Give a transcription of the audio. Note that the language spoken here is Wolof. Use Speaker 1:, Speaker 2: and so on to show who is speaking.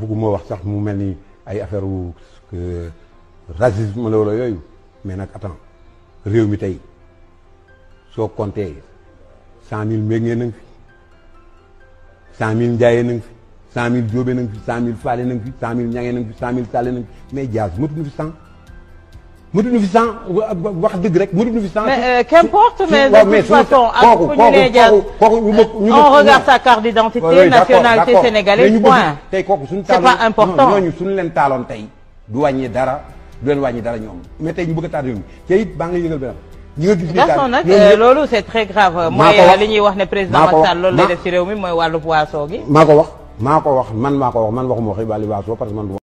Speaker 1: bugguma wax sax mu mel ni ay affaire wu racisme la wala yooyu mais nag attends réew mi tey soo compté cent mille méngee fi cent mille njaayee nañ fi cent mille jóobee fi cent faale nañ fi cent mille ñangee fi cent saale nañ fi mais jaas matuñu fi cent mënuñu fi sans wax dëgg rek mënuñu fi sans. mais euh, qu'importe mais de toute façon ak fu ñu lay jàpp on
Speaker 2: regarde sa
Speaker 3: carte d'identité nationalité sénégalaise point
Speaker 2: tey kooku suñu taaloon c'est pas important ñooñu suñu leen taaloon tey du wàññi dara du leen dara ñoom mais tey ñu bëgg a taal réew mi te it baa gis
Speaker 4: Gaston nag euh,
Speaker 5: loolu c'est très grave mooy euh, li ñuy wax ne président Macky Sall loolu lay def ci mi mooy wàllu waasoo gi maa ko
Speaker 4: wax maa ko wax man maa ko wax